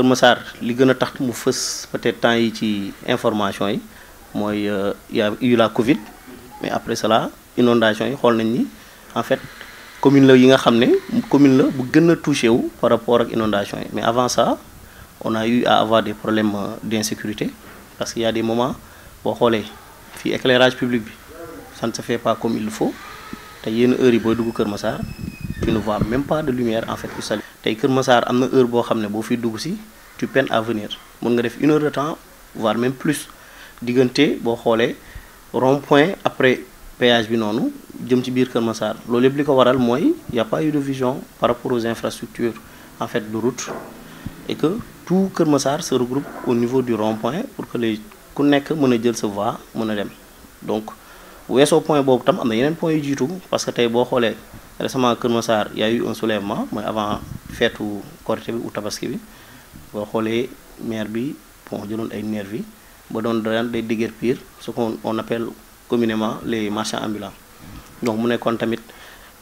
Kër Massar li gën a tax mu fës peut-être temps yi ci information yi mooy euh, y a eu la Covid mais après cela inondation yi xool nañ ni en fait commune la yi nga xam ne commune la bu gën touché wu par rapport ak inondation yi mais avant ça on a eu à avoir des problèmes euh, d'insécurité parce qu'il y a des moments boo xoolee fii éclairage public bi ça ne se fait pas comme il faut te yenn heures yi booy dugg Kër Massar tu ne vois même pas de lumière en fait tay keur Massar amna heure bo xam ne fi dugg ci tu peine à venir mën nga def une heure de temps voire même plus diggante bo xolé rond-point après péage bi noonu jëm ci biir keur Massar loolu yëpp li ko waral il y a pas eu de vision par rapport aux infrastructures en fait de route et que tout keur Massar se regroupe au niveau du rond-point pour que les ku nekk mën jël sa voie mën dem donc wesso point boobu tam amna yenen point yu parce que tay bo xolé récemment keur Massar y a eu un soulèvement mais avant feetu korité bi ou tabaski bi boo xoolee maire bi bon jëloon ay nervi ba doon daan day déguerpir pire ko on appelle communément les marchands ambulants donc mu nekkoon tamit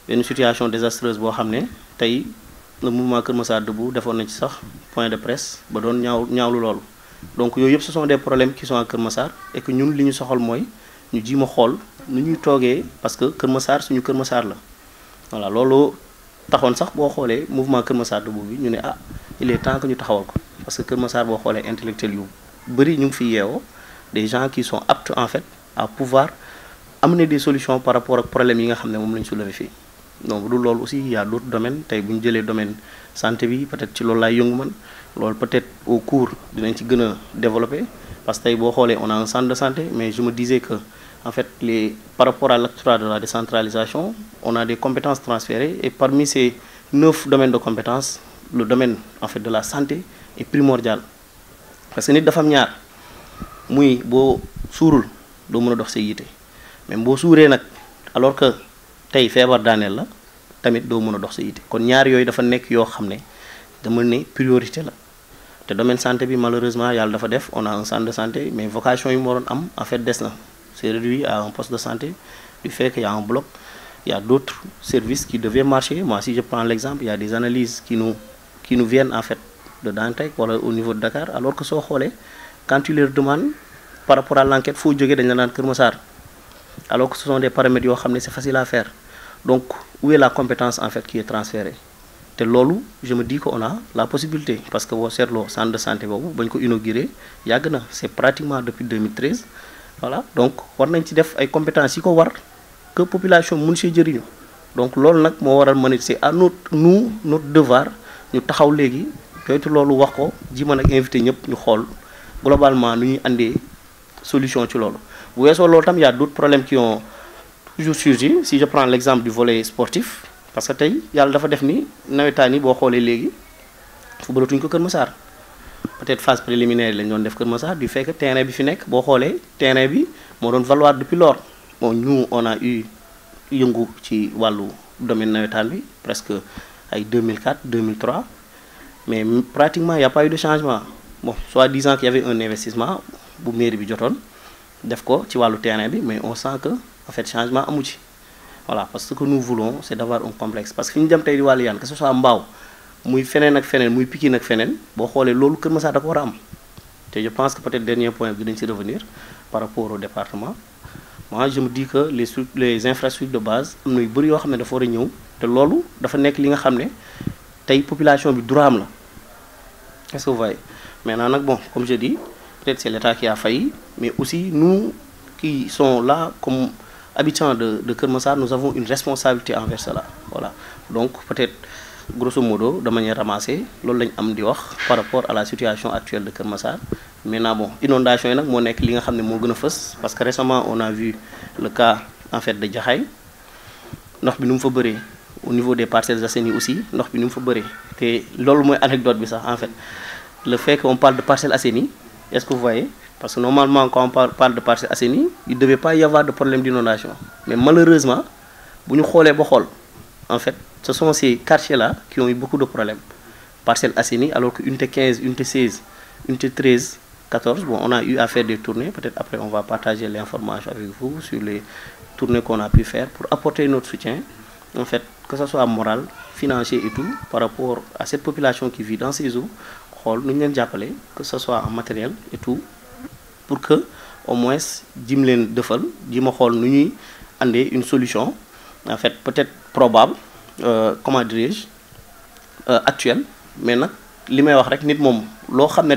benn situation désastreuse boo xam ne tey le mouvement Kër Massar Debout defoon na ci sax point de presse ba doon ñaaw ñaawlu loolu donc yooyu yëpp ce sont des problèmes qui sont à Kër Massar et que ñun li ñu soxal mooy ñu ji ma xool nu ñuy toogee parce que Kër Massar suñu Kër Massar la voilà loolu taxone sax bo xolé mouvement keur Massar debout bi ñu né ah il est temps que ñu taxawal ko parce que keur Massar bo xolé intellectuel yu bari ñu ngi fi yéwo des gens qui sont aptes en fait à pouvoir amener des solutions par rapport ak problème yi nga xamné mom moom soulever fi donc du loolu aussi il y a d'autres domaines tay buñu jëlé domaine santé bi peut-être ci loolu lay yëngu man loolu peut-être au cours dinañ ci gëna développer parce que tay bo xolé on a un centre de santé mais je me disais que en fait, les, par rapport à l'acte de la décentralisation, on a des compétences transférées et parmi ces neuf domaines de compétences, le domaine en fait, de la santé est primordial. Parce que nit dafa am ñaar muy boo suurul doo mën a dox sa yitte mais boo suuree nag alors que tey feebar daaneel la tamit do mën dox sa yité kon ñaar yoy dafa nek yo xamné dama né priorité la Le domaine santé bi malheureusement yalla dafa def on a un centre de santé mais vocation yi mu am en fait c'est réduit à un poste de santé, du fait qu'il y a un bloc, il y a d'autres services qui devaient marcher. Moi, si je prends l'exemple, il y a des analyses qui nous, qui nous viennent en fait de Dantec au niveau de Dakar, alors que so quand tu leur demandes par rapport à l'enquête, il faut que alors que ce sont des paramètres c'est facile à faire. Donc, où est la compétence en fait qui est transférée Et lolu je me dis qu'on a la possibilité parce que le centre de santé bobu il ko inauguré c'est pratiquement depuis 2013 voilà donc war nañ ci def ay compétences yi ko war que population mun see jëriñu donc loolu nag moo waral ma ne c'est à notre nous notre devoir ñu taxaw léegi joytu loolu wax ko jima ma nag invité ñëpp ñu xool globalement nu ñuy andee solution ci loolu bu weesoo loolu tam y a d'autres problèmes qui ont toujours surgi si je prends l'exemple du volet sportif parce que tey yàlla dafa def ni nawetaan yi boo xoolee léegi fu baratuñ ko Kër Massar peut-être phase préliminaire lañ doon def Kër ça. du fait que terrain bi fi nek bo xolé terrain bi mo doon valoir depuis lors bon avons on a eu yëngu ci domaine de bi presque ay 2004 2003 mais pratiquement il n'y a pas eu de changement bon soit disant qu'il y avait un investissement bu mairie bi jotone def ko ci mais on sent que en fait changement amu ci voilà parce que nous voulons c'est d'avoir un complexe parce que ñu dem tay di wal yane que ce soit Mbaw muy feneen ak feneen muy Pikine ak feneen boo xoolee loolu Kër Massar da ko war am te je pense que peut-être dernier point bi je si revenir par rapport au département moi je me dis que les les infrastructures de base am na yu bëri yoo xam ne dafa war a ñëw te loolu dafa nekk li nga xam ne tey population bi droit la est-ce que vous voyez maintenant nag bon comme je dis peut-être c'est l'État qui a failli mais aussi nous qui sont là comme habitants de de nous avons une responsabilité envers cela voilà donc peut-être grosso modo de manière ramassée loolu lañ am di wax par rapport à la situation actuelle de Kermassar. Mais maintenant bon inondation yi nag moo nekk li nga xam ne moo gën parce que récemment on a vu le cas en fait de Jaxaay ndox bi nu fa au niveau des Parcelles Assainies aussi ndox bi nu mu fa bëree te loolu mooy anecdote bi sax en fait le fait qu'on parle de Parcelles Assainies est-ce que vous voyez parce que normalement quand on parle de Parcelles Assainies il ne devait pas y avoir de problème d'inondation mais malheureusement nous ñu xoolee ba en fait ce sont ces quartiers-là qui ont eu beaucoup de problèmes. Parcelles assainies, alors t 15, unité 16, t 13, 14, bon, on a eu à faire des tournées. Peut-être après, on va partager l'information avec vous sur les tournées qu'on a pu faire pour apporter notre soutien, en fait, que ce soit moral, financier et tout, par rapport à cette population qui vit dans ces eaux. Nous avons que ce soit en matériel et tout, pour que au moins nous avons une solution, en fait, peut-être probable, euh, comment dirais-je euh, actuelle mais nag li may wax rek nit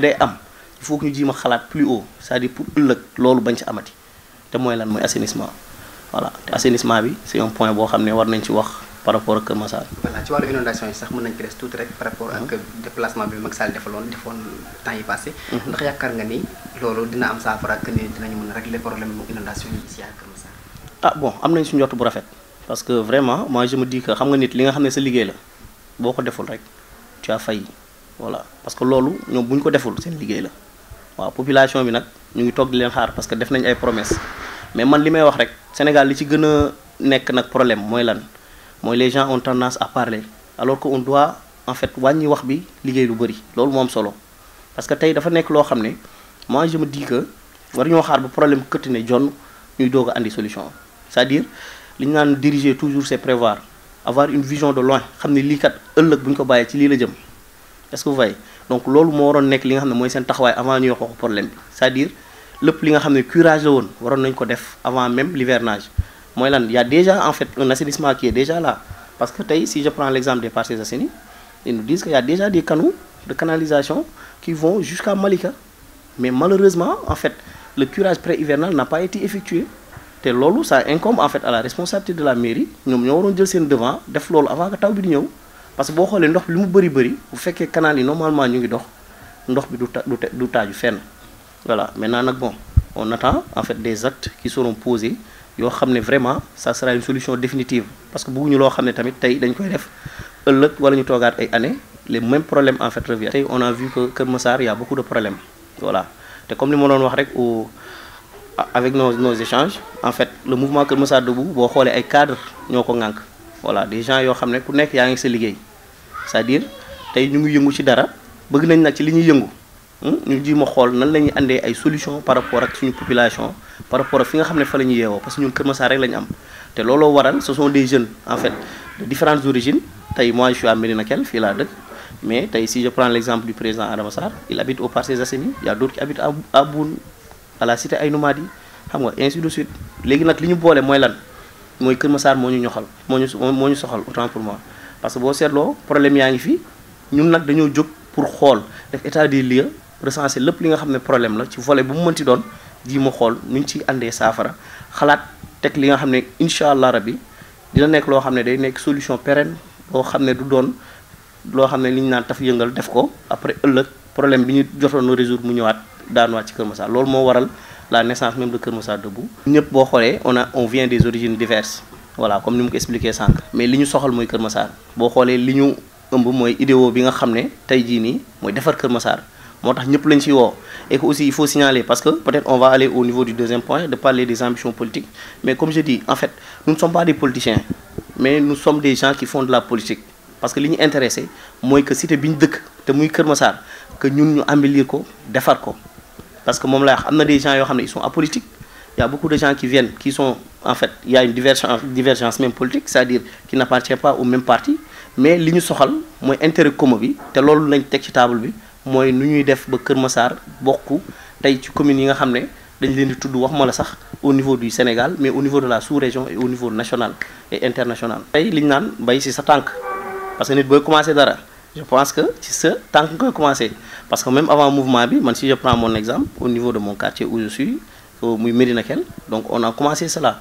day am il faut que ñu o. xalaat plus haut c'est-à-dire pour ëllëg loolu bañ ci amati te mooy lan mooy assainissement voilà assainissement bi c'est un point boo xam war nañ ci wax par rapport ak Kër Massar. voilà ci wàllu inondation yi sax mën nañ ci des tuuti rek par rapport ak mhm. déplacement bi Macky Sall defaloon defoon temps yi passé mhm. ndax yaakaar nga ni loolu dina am saafara que ni dinañu régler problème inondation ci ah bon am nañ suñu njort bu rafet parce que vraiment moi je me dis que xam nga nit li nga xamné sa liguey la boko deful rek tu as failli voilà parce que lolu ñom buñ ko deful seen liguey la wa population bi nak ñu ngi toog di leen xaar parce que def nañ ay promesses mais man limay wax rek Sénégal li ci gëna nek nak problème moy lan moy les gens ont tendance à parler alors que on doit en fait wañi wax bi liguey lu bari lolu moom solo parce que tay dafa nek lo xamné moi je me dis que war ñoo xaar ba problème këtt ne jonn ñuy doga andi solution c'est-à-dire li dirige toujours c'est prévoir avoir une vision de loin li kat buñ ko ci est-ce que vous voyez donc lolu mo waroon nek li nga moy avant problème c'est-à-dire que li nga curage avant même l'hivernage Il y a déjà en fait un assainissement qui est déjà là parce que si je prends l'exemple des Parcelles Assainies ils nous disent qu'il y a déjà des canaux de canalisation qui vont jusqu'à Malika mais malheureusement en fait le curage pré-hivernal n'a pas été effectué c'est ça incombe en fait à la responsabilité de la mairie nous ñoo waron jël devant def avant que taw bi di parce que nous xolé ndox nous nous bari bu canal normalement ñu ngi dox ndox bi du du voilà bon on attend en fait des actes qui seront posés yo xamné vraiment ça sera une solution définitive parce que si on nous tamit dañ les mêmes problèmes en fait reviennent on a vu que y a beaucoup de problèmes voilà té avec nos, nos échanges en fait le mouvement que Moussa Debout boo xoolee ay cadres ñoo ko voilà des gens yoo ont ne ku nekk yaa ngi sa liggéey c'est-à-dire tey ñu ngi yëngu ci dara bëgg nañ nag ci li ñuy yëngu hmm? ñu jéem a xool nan la ñuy ay solution par rapport ak suñu population par rapport à fi nga nous ne fa parce que ñun Kër Moussa rek la Et am te lolo waran ce sont des jeunes en fait de différentes origines tey moi je suis à Médina Kell fii mais si je prends l'exemple du président Adama il habite au des Assainies il y a d'autres qui habitent à Boune à la cité ay nomades yi xam nga ainsi de suite léegi nag li ñu boole mooy lan mooy Kër Massar moo ñu ñoxal moo ñu moo ñu soxal autant pour moi parce que boo seetloo problème yaa ngi fi ñun nag dañoo jóg pour xool def état des lieux recenser lépp li nga xam ne problème la ci vole bu mu mënti doon ji ma xool nu ñu ciy àndee saafara xalaat teg li nga xam ne incha allah rabi dina nekk loo xam ne day nekk solution pérenne loo xam ne du doon loo xam ne li ñu naan taf yëngal def ko après ëllëg. problème bi ñu jotoon a résoudre mu ñëwaat daanuwaat ci Kër Massar loolu moo waral la naissance même de Kër Massar debout. ñëpp boo xoolee on a on vient des origines diverses voilà comme ni mu ko expliquer sànq mais li ñu soxal mooy Kër Massar boo xoolee li ñu ëmb mooy idéo bi nga xam ne tey jii nii mooy defar Kër Massar moo ñëpp lañ ci woo et aussi il faut signaler parce que peut-être on va aller au niveau du deuxième point de parler des ambitions politiques mais comme je dis en fait nous ne sommes pas des politiciens mais nous sommes des gens qui font de la politique parce que li ñu intéressé mooy que cité bi ñu dëkk te muy Kër que ñun ñu embellir ko parce que moom des gens qui sont apolitiques il y a beaucoup de gens qui viennent qui sont en fait il y a une divergence divergence même politique c'est-à-dire qui n'appartient pas au même parti mais li ñu soxal mooy intérêt commun bi te loolu lañ ci table bi def ba Kër Massar au niveau du Sénégal mais au niveau de la sous-région et au niveau national et international. tey bay sa parce que nit commencé dara je pense que c'est tant que commencer, commencé parce que même avant le mouvement bi si je prends mon exemple au niveau de mon quartier où je suis au Médinaquel, donc on a commencé cela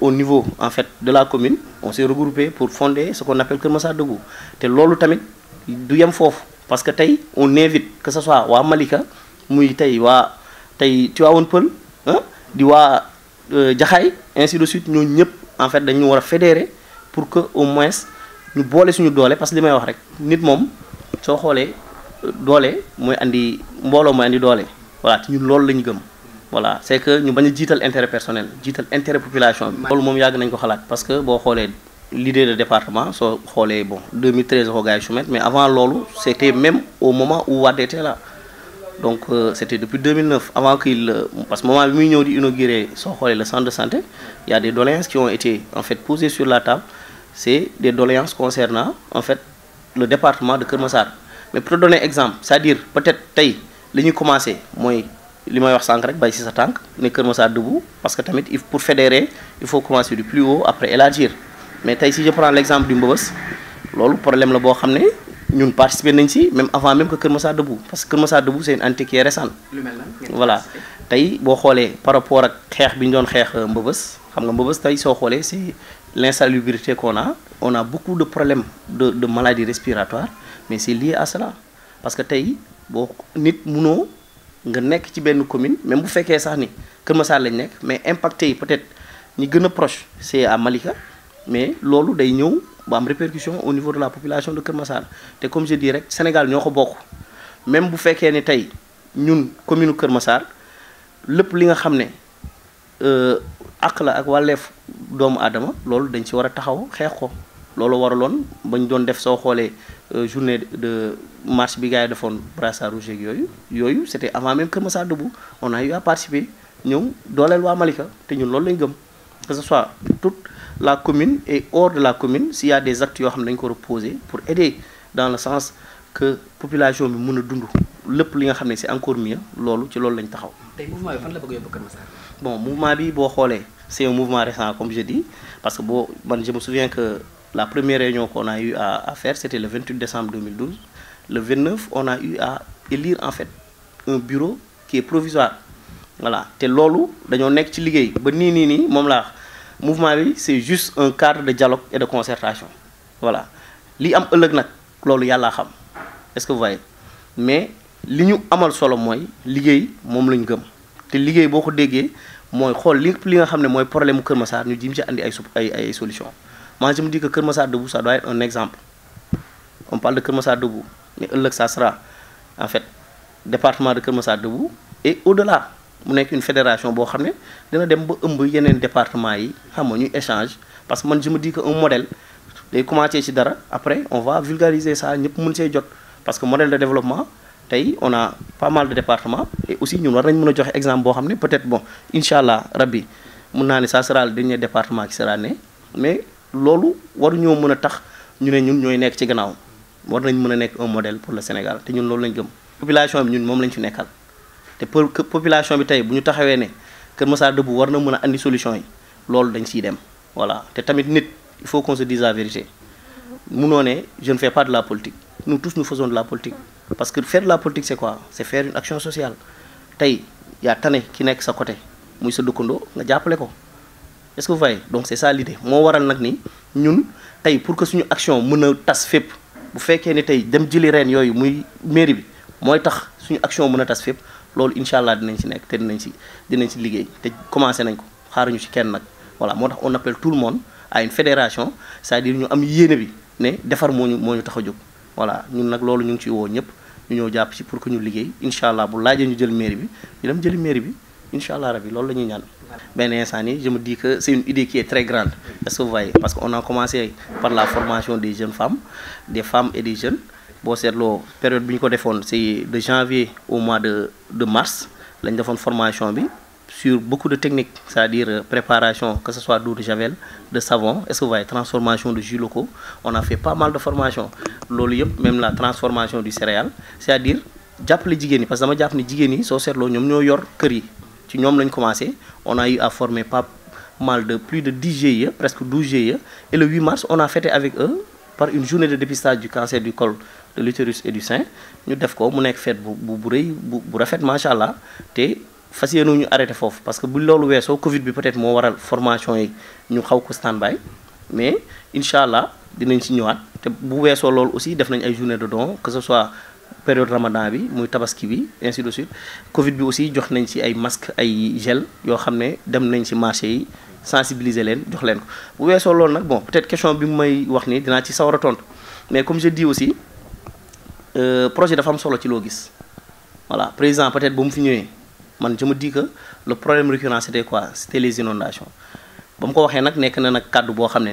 au niveau en fait de la commune on s'est regroupé pour fonder ce qu'on appelle le ça Debout l'olu tamit du parce que on évite que ce soit wa Malika muy tu as un peu, hein, di un peu, ainsi de suite nous, ñëpp en fait de fédérer pour que au moins ñu boole suñu doole parce que li may wax rek nit moom soo xoolee doole mooy andi mbooloo mooy andi doole voilà te ñun loolu lañu gëm voilà c'est que ñu bañ a jiital intérêt personnel jiital intérêt population bi. loolu moom yàgg nañ ko xalaat parce que boo xoolee l'idée de département soo xoolee bon 2013 ko gars yi mais avant loolu c'était même au moment où Wade était là donc euh, c'était depuis 2009 avant qu'il euh, parce que moment bi muy ñëw di inaugurer soo xoolee le centre de santé il y a des doléances qui ont été en fait posées sur la table c'est des doléances concernant en fait le département de Kermassar. mais pour donner un exemple c'est-à-dire peut-être tay nous avons commencé mooy li may wax sank rek bay ci sa debout parce que tamit il pour fédérer il faut commencer du plus haut après élargir mais tay si je prends l'exemple du Mbobos, le problème la que nous participons ñun participer même avant même que Kermassar debout parce que Kermassar debout c'est une entité qui est récente voilà Tay bo xolé par rapport à xex biñ doon xex euh, Mbëbës xam nga Mbëbës tay so c'est l'insalubrité qu'on a, on a beaucoup de problèmes de, de maladies respiratoires, mais c'est lié à cela. Parce que tey bon nit munoo nga nekk ci commune même bu fekkee sax ni Kër Massar lañ mais impacté peut-être ni gën proche c'est à Malika mais l'eau day ñëw ba répercussion au niveau de la population de Kermassal. Et comme je dirais le Sénégal ñoo bokk même bu faites ni tey ñun commune Kër Massar le li nga à ne euh, à la ak doomu aadama loolu dañ ci war a taxaw xeex ko loolu waraloon bañ doon def soo xoolee euh, journée de marche bi gars yi defoon brassard rouge ak yooyu yooyu c'était avant même que Massar debout on a eu à participer ñëw dooleel waa Malika te ñun loolu lañ gëm que ce soit toute la commune et hors de la commune s'il y a des actes yoo xam dañ ko reposer pour aider dans le sens que population bi mën a dund lépp li nga xam ne c'est encore mieux loolu ci loolu lañ taxaw. tey mouvement bi fan la bëgg a yóbbu Keur Massar. bon mouvement bi boo xoolee. C'est un mouvement récent, comme je dis, parce que bon, je me souviens que la première réunion qu'on a eu à, faire, c'était le 28 décembre 2012. Le 29, on a eu à élire en fait un bureau qui est provisoire. Voilà. C'est lolo, nek ci ba ni, ni, ni, mouvement c'est juste un cadre de dialogue et de concertation voilà li am nak yalla xam est-ce que vous voyez mais li ñu amal solo moy liggéey mom lañ gëm Té liggéey boko li nga problème solution je me dis que keur debout ça doit être un exemple on parle de keur Massar debout mais ëllëg ça sera en fait département de keur debout et au-delà mu nekk une fédération bo xam dina département yi échange parce que je me dis que modèle après on va vulgariser ça parce que modèle de développement tay on a pas mal de départements et aussi ñun war nañ mëna joxe exemple bo xamné peut-être bon inshallah rabbi mun naa ne ça sera le dernier département qui sera né mais lolu war mën mëna tax ñu ne ñun ñoy nekk ci gannaaw war nañ mëna nekk un modèle pour le Sénégal té ñun lolu lañ gëm. population bi ñun mom lañ ci nekkal té pour que population bi tay bu ñu taxawé né keur Massar Debout war na mëna andi solution yi lolu dañ ci dem voilà té tamit nit il faut qu'on se dise la vérité munoo ne je ne fais pas de la politique nous tous nous faisons de la politique parce que faire de la politique c'est quoi c'est faire une action sociale tey yaa tane ki nekk sa côté muy sa dëkkandoo nga jàppale ko est-ce que vous voyez donc c'est ça l'idée moi waral nag ni ñun tey pour que suñu action mën a tas fépp bu fekkee ni tey dem jëli reen yooyu muy mairie bi mooy tax suñu action mën a tas fépp loolu incha allah dinañ ci nekk te dinañ ci dinañ ci liggéey te commencé nañ ko xaaruñu ci kenn nag voilà moo tax on appelle tout le monde à une fédération c'est-à-dire ñu am yéene bi ne defar moo ñu moo voilà ñun nag loolu ñu ngi ciy woo ñëpp ñu ñëw jàpp ci pour que ñu liggéey incha allah bu laaje ñu jël mairie bi ñu dem jëli mairie bi incha allah rabi loolu la ñuy ñaan. benn instant nii je me dis que c' est une idée qui est très grande est ce que vous parce que on a commencé par la formation des jeunes femmes des femmes et des jeunes boo seetloo période bi ñu ko defoon c' est de janvier au mois de de mars lañ defoon formation bi sur beaucoup de techniques, c'est-à-dire euh, préparation, que ce soit d'eau de javel, de savon, et ce que transformation de jus locaux. On a fait pas mal de formations. même la transformation du céréal, c'est-à-dire, les parce que j'appelle les commencé on a eu à former pas mal de plus de 10 GIE presque 12 GIE et le 8 mars on a fêté avec eux par une journée de dépistage du cancer du col de l'utérus et du sein Nous avons fait mu fête fas yéene ñu arrêté parce que bu lolu wesso Covid bi peut-être mo waral formation yi ñu xaw ko standby mais inshallah dinañ ci ñëwaat té bu wesso lolu aussi def nañ ay journée de don que ce soit période Ramadan bi muy tabaski bi ainsi de suite Covid bi aussi jox nañ ci ay masque ay gel yo xamné dem nañ ci marché yi sensibiliser leen jox leen ko bu wesso lolu nak bon peut-être question bi mu may wax ni dina ci sawar tontu mais comme je dis aussi euh, projet dafa am solo ci lo gis voilà président peut-être bu mu fi ñëwé je me dis que le problème récurrent c'était quoi c'était les inondations Je ko waxé nak nek na nak cadre bo xamné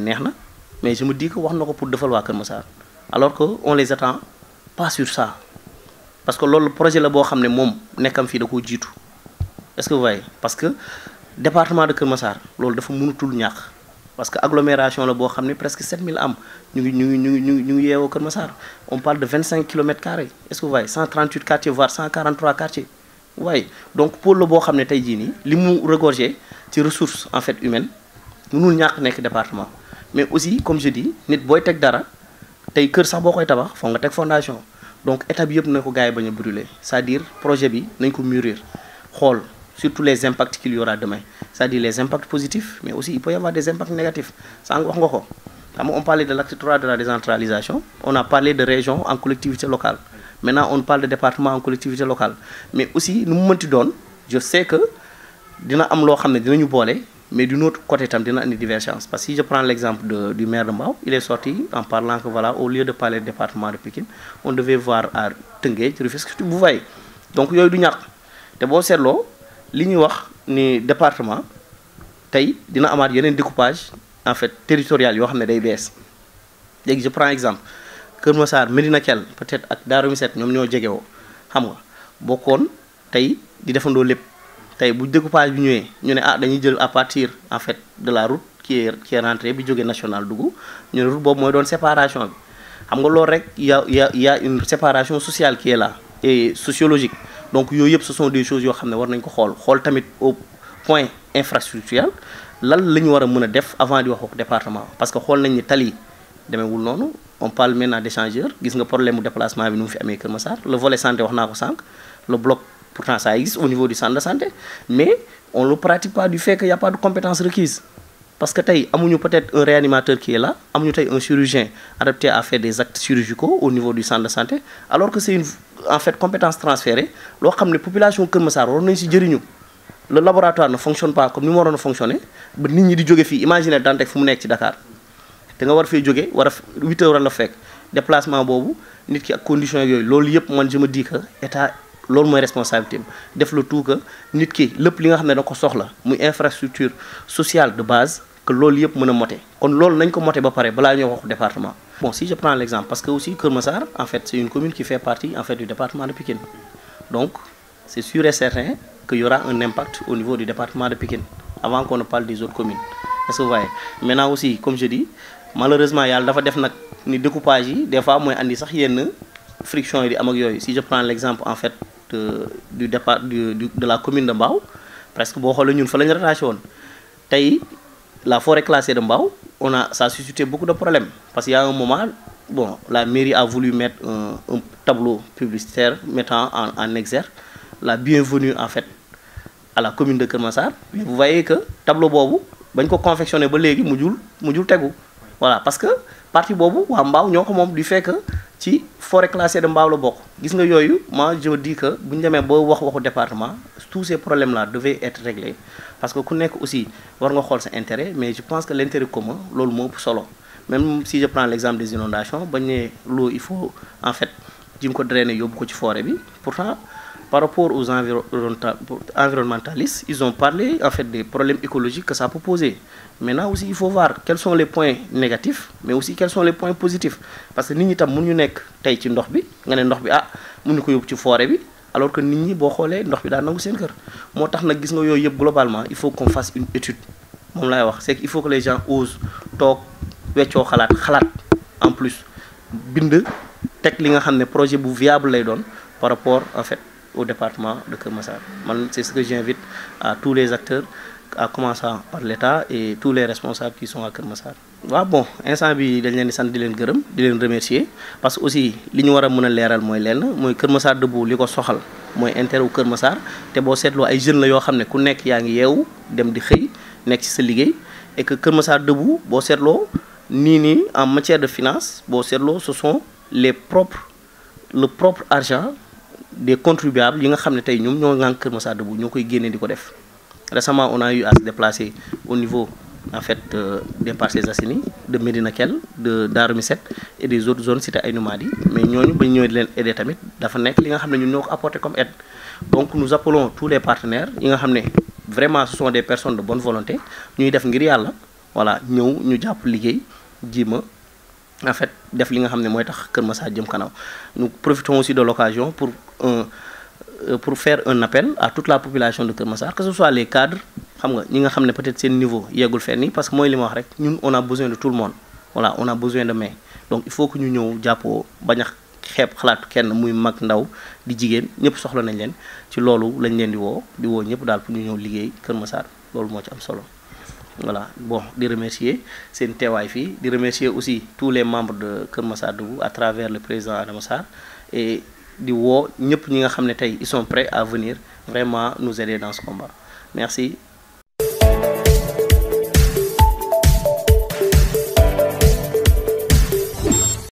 mais je me dis que wax avons pour defal wa keur alors qu'on ne les attend pas sur ça parce que le projet la bo xamné pas nekkam da est-ce que vous voyez parce que le département de keur Massar loolu dafa mënutul parce que l'agglomération la bo presque 7000 am ñu ñu ñu on parle de 25 km2. est-ce que vous voyez 138 quartiers voire 143 quartiers. Oui, donc pour le bon xam ne tey jii nii regorger ci ressource en fait nous mënul ñàkk département mais aussi comme je dis nit booy des dara tay kër sax bokoy tabax fo nga fondation donc état bi yëpp na ko brûlés. brûler c'est-à-dire projet bi nañ ko mûrir xol surtout les impacts qu'il y aura demain c'est-à-dire les impacts positifs mais aussi il peut y avoir des impacts négatifs Ça nga wax nga ko on parlait de l'acte 3 de la décentralisation on a parlé de régions en collectivité locale maintenant on parle de département en collectivité locale mais aussi nous mu donne je sais que dina am lo xam dinañu bolé mais d'une autre côté tam dina des divergence parce que si je prends l'exemple du maire de Mbao il est sorti en parlant que voilà au lieu de parler de département de Pékin, on devait voir à Tengue Rufisque vous voyez donc yoy du ñàkk té bo sétlo li ñuy wax ni département tay dina amat yeneen découpage en fait territorial yo xam day je prends exemple Kër Massar Medina Thiel peut-être ak Darou Missette ñom ñoo wo xam nga bokkoon tay di defandoo lepp tay bu découpage bi ñëwee ñu né ah dañuy jël à partir en fait de la route qui est qui est rentrée bi jógee national dugu ñu route bob moy doon séparation bi xam nga lool rek ya ya y'a une séparation sociale qui est là et sociologique donc yooyu yëpp ce sont des choses yo xamné war nañ ko xol xol tamit au point infrastructurel lan la wara mëna def avant di wax département parce que xol nañ ni tali on parle maintenant d'échangeur gis nga problème de déplacement bi fi le volet santé on a ko le bloc pourtant ça existe au niveau du centre de santé mais on le pratique pas du fait qu'il y a pas de compétences requises parce que tay amuñu peut-être un réanimateur qui est là amuñu tay un chirurgien adapté à faire des actes chirurgicaux au niveau du centre de santé alors que c'est une en fait compétence transférée Lorsque les populations population Kër Massar war nañ ci jëriñu le laboratoire ne fonctionne pas comme nous ne fonctionnons, pas fonctionner ba nit ñi di joggé fi imaginer dantek fu mu ci Dakar te war fee jóge war 8h heures la fekk déplacement bobu nit ki ak condition yoy lolou yëpp man je me dis que état lolou moy responsabilité def le tout que nit ki lépp li nga xamné da ko soxla muy infrastructure sociale de base que lolou yëpp mën moté kon lolou nañ ko moté ba paré balaa wax département. bon si je prends l'exemple parce que aussi Kermassar en fait c'est une commune qui fait partie en fait du département de Pikine donc c'est sûr et certain qu'il y aura un impact au niveau du département de Pikine avant qu'on ne parle des autres communes. Est-ce que vous voyez Maintenant aussi, comme je dis, malheureusement il y a nak ni découpage des fois moy andi sax yenn friction si je prends l'exemple en fait du départ de la commune de Mbao presque que xoolee ñun fa la la forêt classée de Mbao on a ça a suscité beaucoup de problèmes parce qu'il y a un moment bon la mairie a voulu mettre un, tableau publicitaire mettant en, exergue la bienvenue en fait à la commune de Kermansar. vous voyez que tableau bobu bañ ko confectionné ba jul mu voilà parce que parti Bobu, wa Mbao ñoko mom du fait que ci forêt classée de Mbao la bokk gis nga yoyu moi je dis que buñ démé demee ba wax waxu département tous ces problèmes là devaient être réglés parce que ku nekk aussi war nga xol sa intérêt mais je pense que l'intérêt commun loolu mo solo même si je prends l'exemple des inondations bañ né l'eau il faut en fait jim ko drainer yóbbu ko ci forêt bi pourtant par rapport aux environnementalistes, ils ont parlé en fait des problèmes écologiques que ça peut poser. Maintenant aussi, il faut voir quels sont les points négatifs, mais aussi quels sont les points positifs. Parce que nous sommes tous ci ndox bi nga ne ndox bi ah mënu ko yóbbu ci forêt alors que nous ñi boo les ndox bi sont dans seen kër moo tax gis nga globalement il faut qu'on fasse une étude Il c'est qu'il faut que les gens osent talk, weccoo xalaat en plus bind tek li nga xamné projet bu viable lay don par rapport en fait au département de Kermassar. C'est ce que j'invite à tous les acteurs, à commencer par l'État et tous les responsables qui sont à Kermassar. waaw bon instant bi dañ leen di sant di leen gërëm di leen remercier parce aussi li ñu war a mën a leeral mooy Massar Debout li ko soxal inter ou wu Kër Massar te boo seetloo ay jeunes la yoo xam ne ku nekk yaa ngi yeewu dem di xëy nekk ci sa et que Kër Massar Debout boo seetloo ni ni en matière de finance boo seetloo ce sont les propres le propre argent des contribuables yi nga xamné tay tey ñoom ñoo ŋànk Kër def récemment on a eu à se déplacer au niveau en fait euh, des Parcelles assini de Medina Kell de Darou et des autres zones cité à mais ñooñu bañ ñëwee di leen aider tamit dafa li nga ñun apporté comme aide donc nous appelons tous les partenaires yi nga xamné vraiment ce sont des personnes de bonne volonté ñuy def ngir yalla voilà ñew ñu japp liggéey en fait def li nga xam moy tax keur Massar jëm kanam nous profitons aussi de l'occasion pour un euh, pour faire un appel à toute la population de keur Massar que ce soit les cadres xam nga ñi nga xam peut-être sen niveau yegul fenn yi parce que moy li ma wax rek ñun on a besoin de tout le monde voilà on a besoin de main donc il faut que ñu ñëw jappo baña a xeeb kenn muy mag ndaw di Jigen. ñep soxla nañ len ci lolu lañ len di wo di wo ñep dal pour ñu ñëw liggéey keur Massar lolu mo ci am solo voilà bon de remercier c'est Wi-Fi, de remercier aussi tous les membres de Kër à travers le président Adama et du wo ils sont prêts à venir vraiment nous aider dans ce combat merci